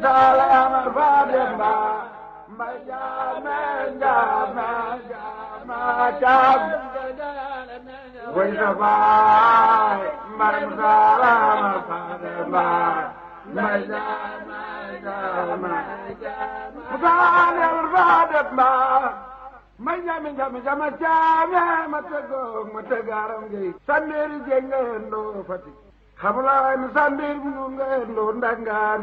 salaam fa demba ma jaama jaama jaama jaam way na baay maram salaam fa demba ma jaama ma jaama ma tegoo ma tegaaram ngay sandeeri jengeen doo Fatick xamulaay ma sandeer bu nga ndoo ndangaan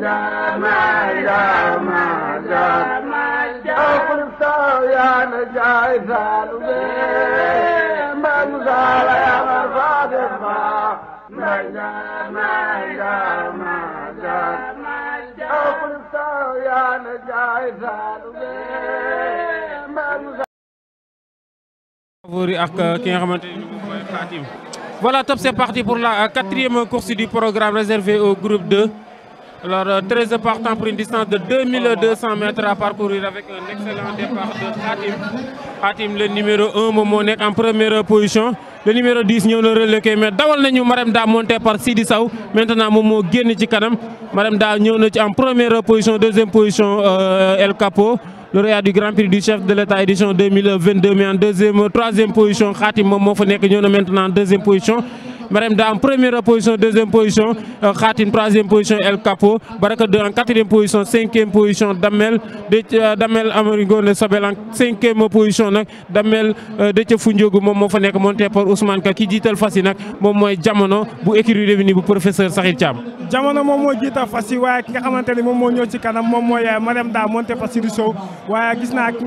Euh, voilà top c'est parti pour la euh, quatrième course du programme réservé au groupe 2 alors, 13 euh, important pour une distance de 2200 mètres à parcourir avec un excellent départ de Hatim. Hatim, le numéro 1, Nek en première position. Le numéro 10, nous le Mais d'abord, nous Marem Da monté par Sidi Saou. Maintenant, Momo Guéni Chikanam. Marem Da, nous en première position, deuxième position, euh, El Capo. Lauréat du Grand Prix du chef de l'État édition 2022, mais en deuxième, troisième position, Khatim Momo Fonek, nous maintenant en deuxième position. Madame Dame première position deuxième position euh, Khatim troisième position El Capo Baraka 2 en quatrième position cinquième position Damel euh, Damel Amarigone Sabel en cinquième position Damel euh, Déthié Foundiogou Momo moo fa par Ousmane qui dit jiital fas Mon et jamono vous écrivez devenu bu professeur Sahid Thiam. jamono Momo, moo Fassi, oui, qui a ki nga Momo ni qui a ci kanam Dame monté par Sidi Sow waaye gis ki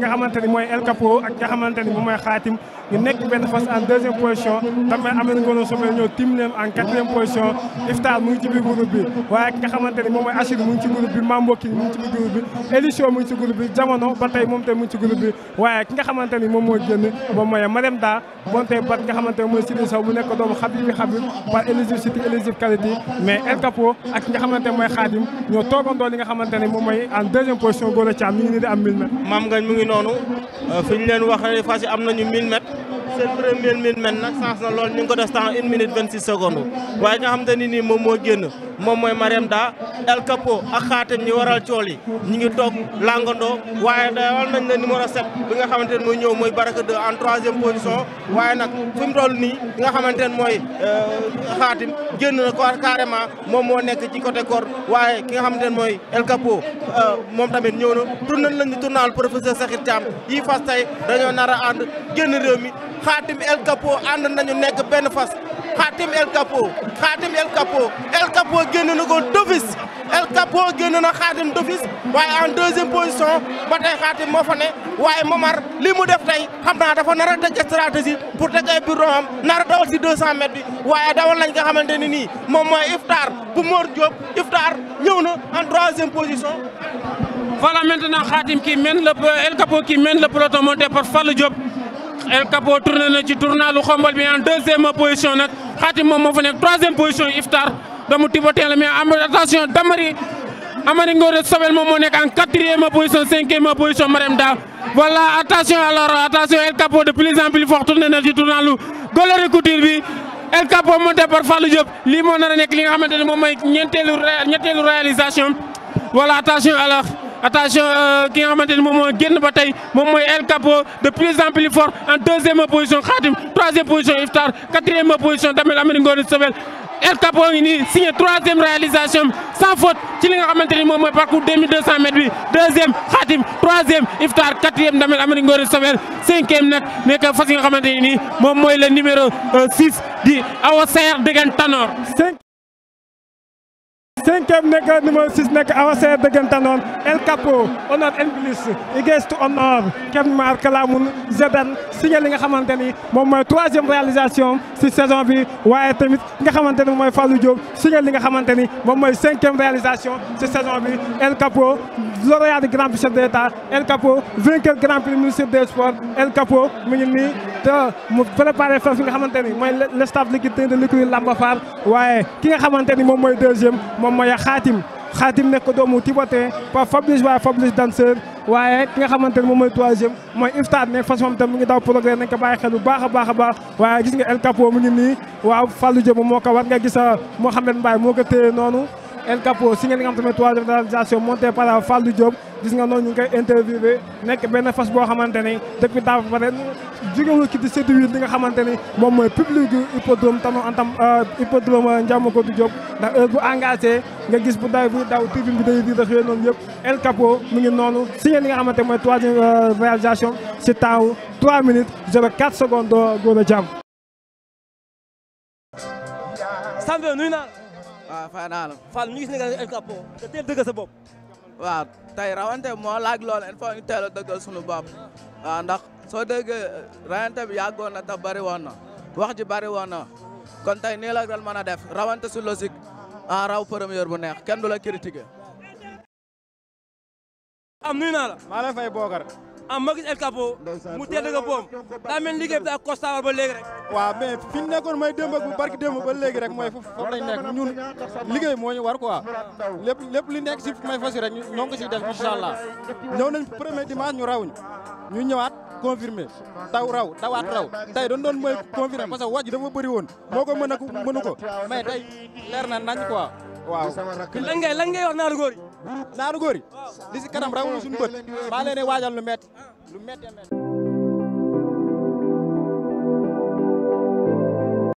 El Capo qui a nga le Momo Khatim ñu nekk benn fas en deuxième position tamit Ameth Ngolo Sobel ñoo tim leen en quatrième position Iftar mu ngi ci biir groupe bi waaye nga xamanteni mom moy mooy mu ngi ci groupe bi Mambo King mu ngi ci biir groupe bi Elisio mu ngi ci groupe bi Jamono batay mom tay mu ngi ci groupe bi waye ki nga xamanteni mom moy mooy génn moom mooy Marème Da bonté bat nga xamanteni moy mooy Sidi Sow mu nekk doomu xabib bi xabib par éligibilité qualité mais El Capo ak nga xamanteni moy Khadim ñoo togon do li nga xamanteni mom moy mooy en deuxième position Golo cham ñi ni di am 1000 mètres mam ngañ mu ngi nonu fi leen waxé fas am nañu 1000 mètres seen première minute men nag sens na lool ñu ngi ko def temps une minute vingt six secondes waaye nga xam te ni nii moom moo génn moom mooy Marème Da El Capo ak xaatim ñi waral cool yi ñi ngi toog langandoo waaye dawal nañ la numéro 7 bi nga xamante ne mooy ñëw mooy Baraka 2 waaye nag fi mu toll nii bi nga xamante ne mooy euh, xaatim génn na moom moo nekk ci côté cor waaye ki nga xamante ne mooy El Capo euh, moom tamit ñëw na tourné lañ ñu tournaal professeur Sakhir Thiam yi fas tey a xaatim El Capo ànd nañu nekk benn fas xaatim El Capo xaatim El Capo El Capo génn na ko d'office El Capo génn xaatim d'office waaye en deuxième position ba xaatim moo fa ne waaye Momar li mu def tey xam naa dafa nar a teg stratégie pour teg ay bureau am nar a dawal si 200 mètres waaye dawal nañ nga xamante ne nii moom mooy Iftar bu Mor Diop Iftar ñëw na en troisième position. voilà maintenant Khadim qui mène le El Capo qui mène le peloton monté par El Capo tourné na ci tournalu xombal bi en deuxième position nag xaatim moom moo fa nekk troisième position Iftar doomu Tibetain la mais am attention Damari Amari Ngore Sobel moom moo nekk en quatrième position cinquième position Marème Da voilà attention alors attention El Capo de plus en plus fort na ci tournalu Golori Couture bi El Capo monté par Fallou Diop lii moo nar a nekk li xamante ne moom mooy ñetteelu réalisation voilà attention euh, ki nga xamante ni moom mooy ba El Capo de plus en plus fort en deuxième position Khadim troisième position Iftar quatrième position Damel Amady de Sobel El Capo ngi signe troisième réalisation sans faute ci li nga le moment parcours 2200 mètres deuxième Khadim troisième Iftar quatrième Damel Amady de Sobel cinquième nag nekk fas yi nga xamante ni le numéro 6 euh, di Awa Sayer Degan cinquième nekk numéro 6 de El Capo honor on honor ken li nga xamanteni troisième réalisation si saison bi waye tamit nga xamanteni moy ème Diop li cinquième réalisation 6ème saison bi El Capo lauréat du Grand Prix chef El Capo vainqueur Grand Prix Ministère des sports El Capo te mu préparé fas yi nga xamante ni mooy le stade liquide de l'écurie Lamba Fall waaye ki nga xamante ni moom mooy deuxième moom mooy xaatim xaatim nekk doomu Tibotin par Fabrice waaye Fabrice danseur waaye ki nga xamante ni moom mooy troisième mooy Iftar ne fas moom tam mu ngi daw progrès nañ ko bàyyi xel bu baax a baax a baax waaye gis nga El Capo mu ngi nii waaw Fallou Diop moo ko war nga gis Mouhamed Mbaye moo ko téye noonu. El Capo si ngeen nga xam tamit toile de réalisation monté par Fallou Diop gis nga noonu ñu ngi koy interviewé nekk benn fas boo xamante ni depuis daaw ba jógewul ci di séduire li nga xamante ni moom mooy public du hippodrome tanu antam euh, hippodrome Ndiamacodou Diop ndax heure bu engagé nga gis bu daw buy daw tribune bi day di rek yooyu noonu yëpp El Capo mu ngi noonu si ngeen li nga xamante mooy troisième euh, réalisation si temps 3 minutes 04 a waa fay naa la. Fall ñu gis ne El Capo nga teel dëggal sa bopp. waaw tey rawante moo laaj loolu il faut ñu teel a dëggal suñu bopp waaw ndax soo déggee rawante bi yàggoon na te bari woon na wax ji bari woon na kon tey nii la doon mën a def rawante su logique ah raw première bu neex kenn du la critiquer. am nuyu naa la. maa lay fay Bokar. ah ma gis El Capo mu teel a boom daa liggéey bi daa constat ba léegi rek. waaw mais fi ñu nekkoon mooy démb ak bu barki démb ba léegi rek mooy foofu lañ nekk ñun liggéey moo ñu war quoi lépp lépp li nekk si may fas rek ñoo ngi ko siy def incha allah ñëw ñu rawuñ ñu ñëwaat. confirmé taw raw tawaat raw tey doon mooy confirmé parce que wàcc dafa bëri woon moo ko mën a mënu ko mais tey leer na nañ quoi waaw lan ngay lan ngay wax naar góor naanu góor yi li si kanam rawul suñu bët maa leen waajal lu metti lu metti